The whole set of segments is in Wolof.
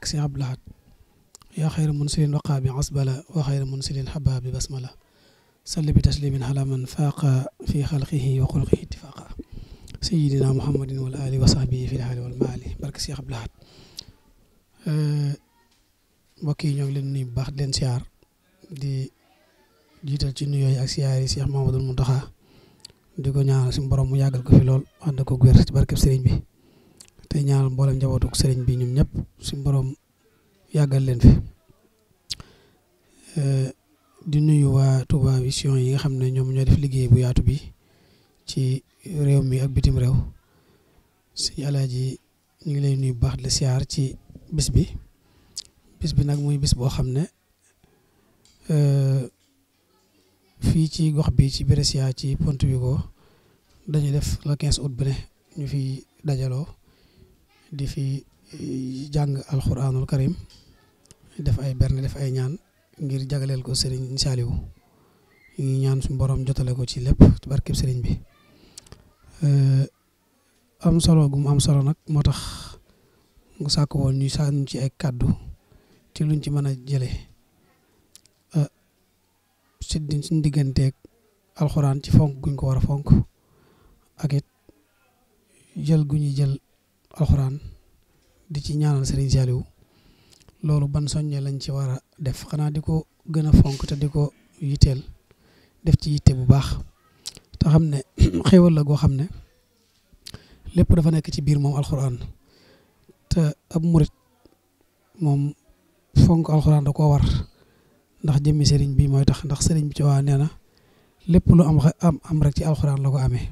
ak si Abdou Lahad yaa xayra munsilin waqaa bi asbala wa xayra munsilin xabaa bi basmala salli bi taslimin ala man faaqa fi xalqihi wa xulqihi ittifaqa sayidina muhammadin wal ali wa sahbihi fi lhaali wal maali barke si Abdou eh, yi ñoo leen nuyu bu baax di leen siyaar di jiital ci nuyoo yi ak siyaar yi Cheikh Mamadou Mountakha di ko ñaanal mu yàggal ko fi lool ànd ko wér ci barkeb sëriñ bi tey ñaanal mboolem njabootuk sëriñ bi ñoom ñëpp suñu borom yàggal leen fi eh, di nuyu waa Touba Vision yi nga xam ne ñoom ñoo def liggéey bu yaatu bi ci réew mi ak bitim réew suñu ji ñu ngi lay nuyu baax di siyaar ci bis bi bis bi nag muy bis boo xam ne eh, fii ci gox bi ci Brescia ci Pontevico dañuy def le 15 août bi ne ñu fi dajaloo di fi eh, jàng alxuraanul karim def ay berne def ay ñaan ngir jagaleel ko sëriñ Saliou ñu ñaan suñu boroom jotale ko ci lépp ci barkeb sëriñ bi eh, am solo gum am solo nag moo tax nga sàkk woon ñu sànni ci ay kàddu ci luñ ci mën a jëlee eh, si suñ digganteeg alxuraan ci fonk guñ ko war a fonk ak it jël gu ñuy jël. alxuraan di ci ñaanal Serigne Saliou loolu ban soññe lañ ci war a def xanaa di ko gën a fonk te di ko yitteel def ci yitte bu baax te xam ne xéwal la goo xam ne lépp dafa nekk ci biir moom alxuraan te ab murit moom fonk alxuraan da koo war ndax jëmmi sëriñ bi mooy tax ndax sëriñ bi ci waa nee na lépp lu am am am rek ci alxuraan la ko amee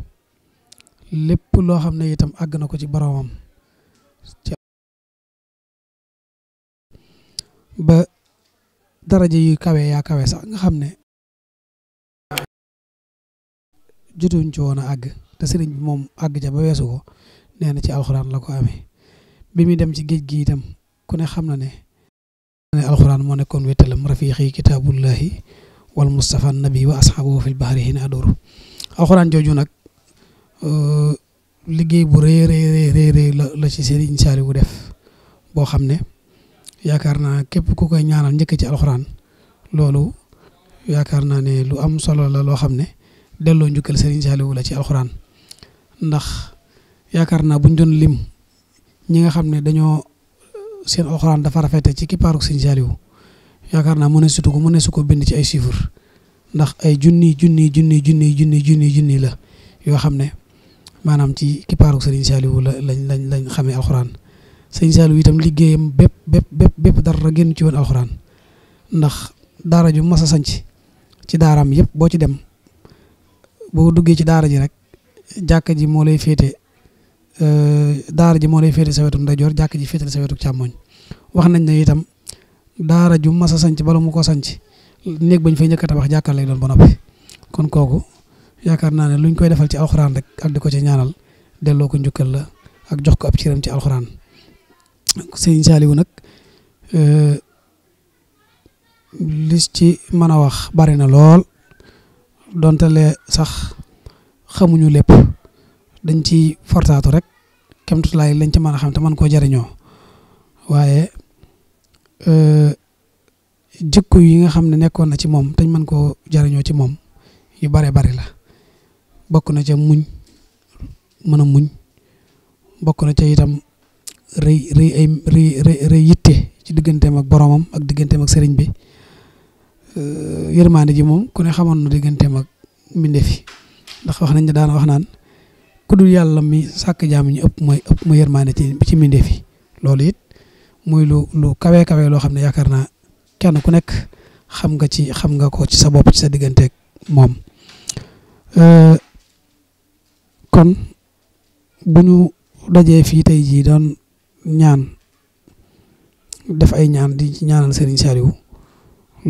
lépp loo xam ne itam àgg na ko ci boromam ba daraja yu kawe yaa kawe sax nga xam ne jotuñ ci woon a àgg bi moom àgg ja ba weesu ko nee na ci alxuraan la ko amee bi muy dem ci géej gi itam ku ne xam na ne ne alxuraan moo nekkoon wéttalam rafiqi kitaabullahi wal mustafa nabi wa asxaabu fil bahri hina adoru alxuraan jooju nag euh, liggéey bu rëy rëy la la ci Serigne Saliou def boo xam ne yaakaar naa képp ku koy ñaanal njëkk ci alxuraan loolu yaakaar naa ne lu am solo la loo xam ne delloo njukkal Serigne Saliou la ci alxuraan ndax yaakaar naa buñ doon lim ñi nga xam ne dañoo seen alxuraan dafa rafete ci kippaaru Serigne Saliou yaakaar naa mën a sutu ko mën a su ko bind ci ay chiffres ndax ay junni junni junni junni junni junni junni la yoo xam ne maanaam ci kippaaru Serigne Saliou la lañ lañ lañ xamee alxuraan Serigne Saliou itam liggéeyam bépp bépp bépp bépp dara génn ci woon alxuraan ndax daara ju mas a sanc ci daaraam yëpp boo ci dem boo duggee ci daara ji rek jàkka ji moo lay féete euh, daara ji moo lay féete sa wetu ndeyjoor jàkka ji féete sa wetu càmmoñ wax nañ ne itam daara ju masa sanc bala mu ko sanc néeg bañ fay njëkk a tabax jàkka lay doon ba noppi kon kooku yaakaar naa ne luñ koy defal ci alxuraan rek ak di ko ci ñaanal delloo ko njukkal la ak jox ko ab ciram ci alxuraan sëñ Saaliwu nag e, lis ci mën a wax bari na lool donte le sax xamuñu lépp dañ ci fortaatu rek kemtulaay lañ ci mën a xam te mën koo jariñoo waaye e, jikko yi nga xam ne nekkoon na ci moom te ñu mën koo jariñoo ci moom yu bare bari la bokk na ca muñ mën a muñ bokk na ca itam rëy rëy ay rëy rëy yitte ci digganteem ak boromam ak digganteem mak sëriñ bi yërmaande ji moom ku ne xamoon na digganteem ak mbindeef yi ndax wax nañ ne daana wax naan ku dul yàlla mi sàkk jaam ñu ëpp mooy ëpp mu yërmaande ci ci mbindeef yi loolu it muy lu lu kawe kawe loo xam ne yaakaar naa kenn ku nekk xam nga ci xam nga ko ci sa bopp ci sa digganteeg moom. kon bu ñu dajee fii tey jii doon ñaan def ay ñaan di ñaanal Serigne Saliou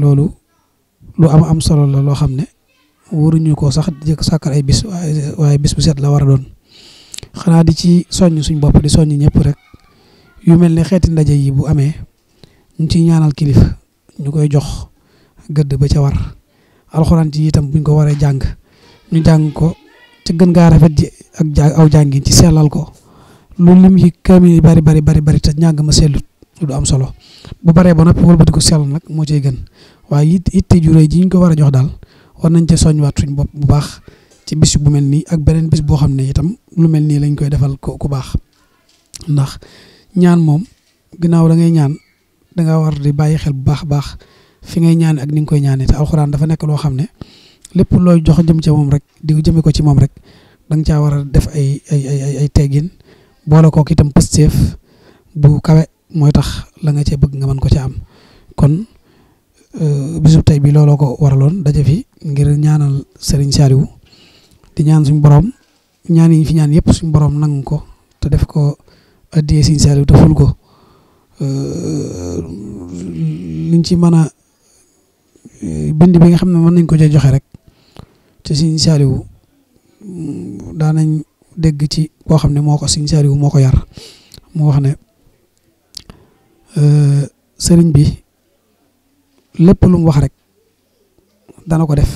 loolu lu am am solo la loo xam ne waruñu ko sax di sàkkal ay bis waaye bis bu set la war a doon xanaa di ci soññ suñ bopp di soññ ñëpp rek yu mel ne xeeti ndaje yi bu amee ñu ci ñaanal kilif ñu koy jox gëdd ba ca war alxuraan ci itam buñ ko waree jàng ñu jàng ko ci gën gaa rafet ji ak ja aw jàngin ci sellal ko lu lim yi kaamil yi bari bari bari bari te ñàng ma sellut du am solo bu baree ba noppi wëlbati ko nag moo cay gën waaye it itte ju ji ñu ko war a jox daal war nañ ca soñwaat suñ bopp bu baax ci bis bu mel nii ak beneen bis boo xam ne itam lu mel nii lañ koy defal ko ku baax ndax ñaan moom ginnaaw da ngay ñaan da war di bàyyi xel bu baax a baax fi ngay ñaan ak ni nga koy ñaanee te alxuraan dafa nekk loo xam ne lépp looy jox jëm ca moom rek di jëme ko ci moom rek da nga caa war def ay ay ay ay teggin boole kook itam pësteef bu kawe mooy tax la nga cee bëgg nga mën ko ca am kon euh, bisub tey bi looloo ko waraloon daje fi ngir ñaanal Serigne Saliou di ñaan suñu borom ñaan yi fi ñaan yëpp suñ boroom nangu ko te def ko addiyee Serigne Saliou te ful ko euh, liñ ci mën a euh, bind bi nga xam ne mën nañ ko cee joxe rek te Sëriñ Saaliwu mm, daanañ dégg ci koo xam ne moo ko Sëriñ Saaliwu moo ko yar mu wax ne euh, sëriñ bi lépp lu mu wax rek dana ko def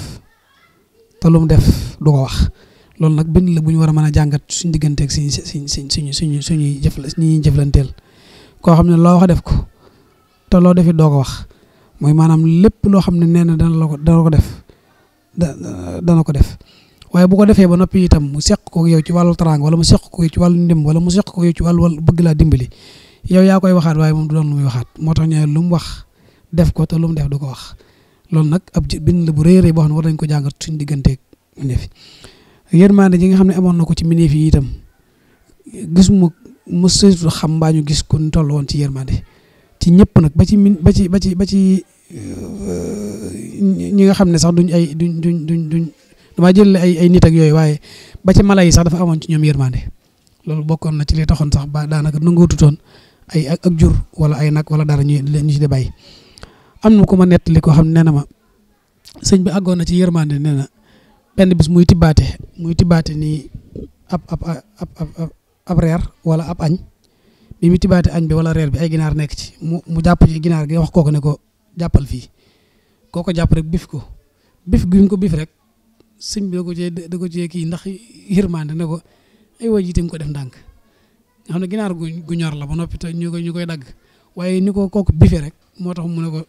te lu mu def du ko wax loolu nag bind la bu ñu war a mën a jàngat suñ digganteeg suñ si suñ suñ suñu suñuy jëf ni jëflanteel koo xam ne loo wax def ko te loo defit doo ko wax mooy maanaam lépp loo xam ne nee na dana la ko dana ko def dana ko def waaye bu defee ba noppi itam mu seq ko yow ci wàllu teraanga wala mu seq ko ci wàllu ndim wala mu seq ko yow ci wàllu bëgg laa dimbali yow yaa koy waxaat waaye moom du doon lu muy waxaat moo tax ñu lu mu wax def ko te lu mu def du ko wax loolu nag ab bind la bu rëy a rëy boo xam ne war nañ ko jàngat suñ digganteeg mindeef yi yërmande ji nga xam ne amoon na ko ci mindeef yi itam gis mu mos xam mbaa ñu gis ku toll woon ci yërmande ci ñëpp ñi nga xam ne sax duñ ay duñ duñ duñ duñ damaa jël ay ay nit ak yooyu waaye ba ci mala yi sax dafa amoon ci ñoom yërmande loolu bokkoon na ci li taxoon sax ba daanaka nangootutoon ay ak ak jur wala ay nag wala dara ñu ñu ci di bàyyi am na ku ma nettali koo xam ne nee na ma sëñ bi àggoon na ci yërmande nee na benn bis muy tibbaate muy tibbaate nii ab ab ab ab ab reer wala ab añ bi muy tibbaate añ bi wala reer bi ay ginaar nekk ci mu mu jàpp ci ginaar gi wax kooku ne ko. jàppal fii koo ko jàpp rek bif ko bif gi ko bif rek sëñ bi da ko cee da ko cee kii ndax yërmande ne ko ay waa jiite nga ko def ndànk nga xam ne ginaar gu ñor la ba noppi te ñu koy ñu koy dagg waaye ni ko kooku bifee rek moo tax mu ne ko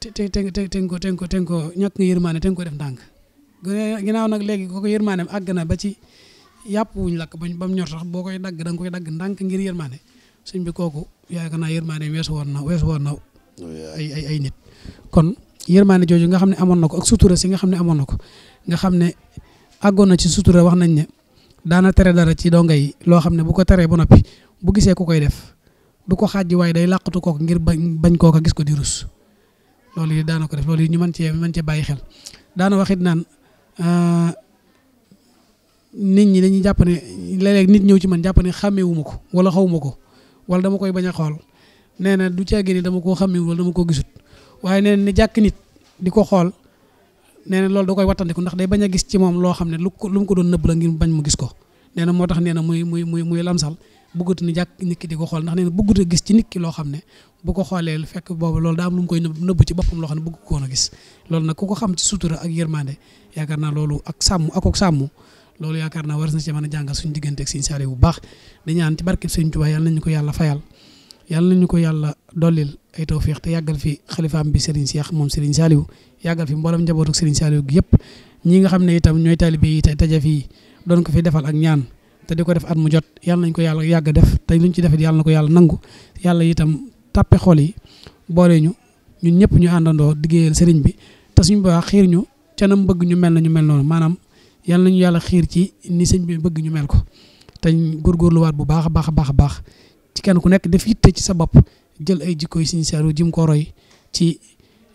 te te te te ko te ko te ko ñàkk nga yërmande te nga ko def ndànk ginnaaw nag léegi kooku yërmandeem àgg na ba ci yàpp wuñ lakk bañ ba ñor sax boo koy dagg da nga koy dagg ndànk ngir yërmande sëñ bi kooku yaakaar naa yërmandeem weesu woon na weesu woon ay ay nit kon yërmaane jooju nga xam ne amoon na ko ak sutura si nga xam ne amoon na ko nga xam ne àggoon na ci sutura wax nañ ne daana tere dara ci donga yi loo xam ne bu ko teree ba noppi bu gisee ku koy def du ko xaaj waaye day làqatu kook ngir bañ bañ kooka gis ko di rus loolu yi daana ko def loolu ñu mën cee mën cee bàyyi xel daana waxit naan euh, nit ñi dañuy jàpp ne léeg nit ñëw ci man jàpp ne xàmmeewuma ko wala xawuma ko wala dama koy bañ a xool nee na du caagin dama koo xam xamee wala dama koo gisut waaye nee na ni jàkk nit di ko xool nee na loolu da koy wattandiku ndax day bañ a gis ci moom loo xam ne lu ko lu mu ko doon nëbb la ngir bañ mu gis ko nee na moo tax nee na muy muy muy muy lamsal bëggatu ni jàkk nit ki di ko xool ndax nee na bëggatu gis ci nit ki loo xam ne bu ko xoolee fekk boobu loolu daa am lu mu koy nëbb ci boppam loo xam ne bëgg ko a gis loolu nag ku ko xam ci sutura ak yërmande yaakaar naa loolu ak sàmm ak ak sàmm loolu yaakaar naa war na ci mën a jàngal suñu diggante ak Sëriñ bu baax di ñaan ci barkeb Sëriñ Tuubaa yàlla nañu ko yàlla fayal yàlla ñu ko yàlla dollil ay tawfiix te yàggal fi xalifaam bi Serigne Cheikh moom Serigne Saliou yàggal fi mboolem njabootu Serigne Saliou gi yëpp ñi nga xam ne itam ñooy taalibe yi tey taja fi doon ko fi defal ak ñaan te di ko def at mu jot yàlla nañ ko yàlla yàgg def te luñ ci defee yàlla na ko yàlla nangu yàlla itam tàppe xool yi boole ñu ñun ñëpp ñu àndandoo liggéeyal sëriñ bi te suñu baax xiir ñu ca nam bëgg ñu mel na ñu mel noonu maanaam yàlla nañu yàlla xiir ci ni sëñ bi bëgg ñu mel ko te bu baax a baax a baax a baax kenn ku nekk def yitte ci sa bopp jël ay jikko yi Sëriñ Saaliw jim ko roy ci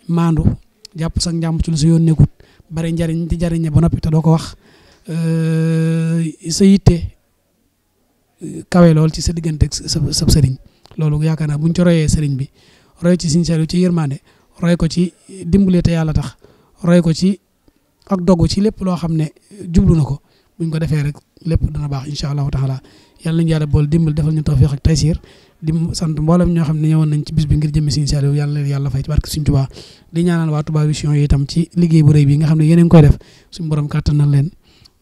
maandu jàpp sax njàmm ci lu sa yoon nekkut bari njariñ di jariñe ba noppi te doo ko wax sa yitte kawe lool ci sa diggante sa sa sëriñ loolu yaakaar naa buñ ci royee sëriñ bi roy ci Sëriñ Saaliw ci yërmande roy ko ci dimbale te yàlla tax roy ko ci ak dogu ci lépp loo xam ne jublu na ko buñ ko defee rek lépp dana baax incha allahu taala yàlla nañu yàlla bool dimbal defal ñu tawfiq ak taysiir di sant mboolem ñoo xam ne ñëwoon nañ ci bis bi ngir jëmmi Serigne Saliou yàlla yàlla fay ci barke Serigne Touba di ñaanal waa Touba Vision yi itam ci liggéey nga xam ne yeneen koy def suñu borom kàttanal leen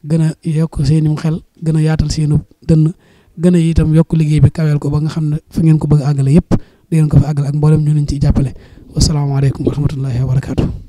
gën a yokk mu xel gën a yaatal seenu dënn gën itam yokk liggéey bi kaweel ko ba nga xam ne fa ngeen ko bëgg àggale yëpp di ngeen ko fa àggale ak mboolem ñu leen ciy jàppale wasalaamaaleykum wa rahmatullahi wa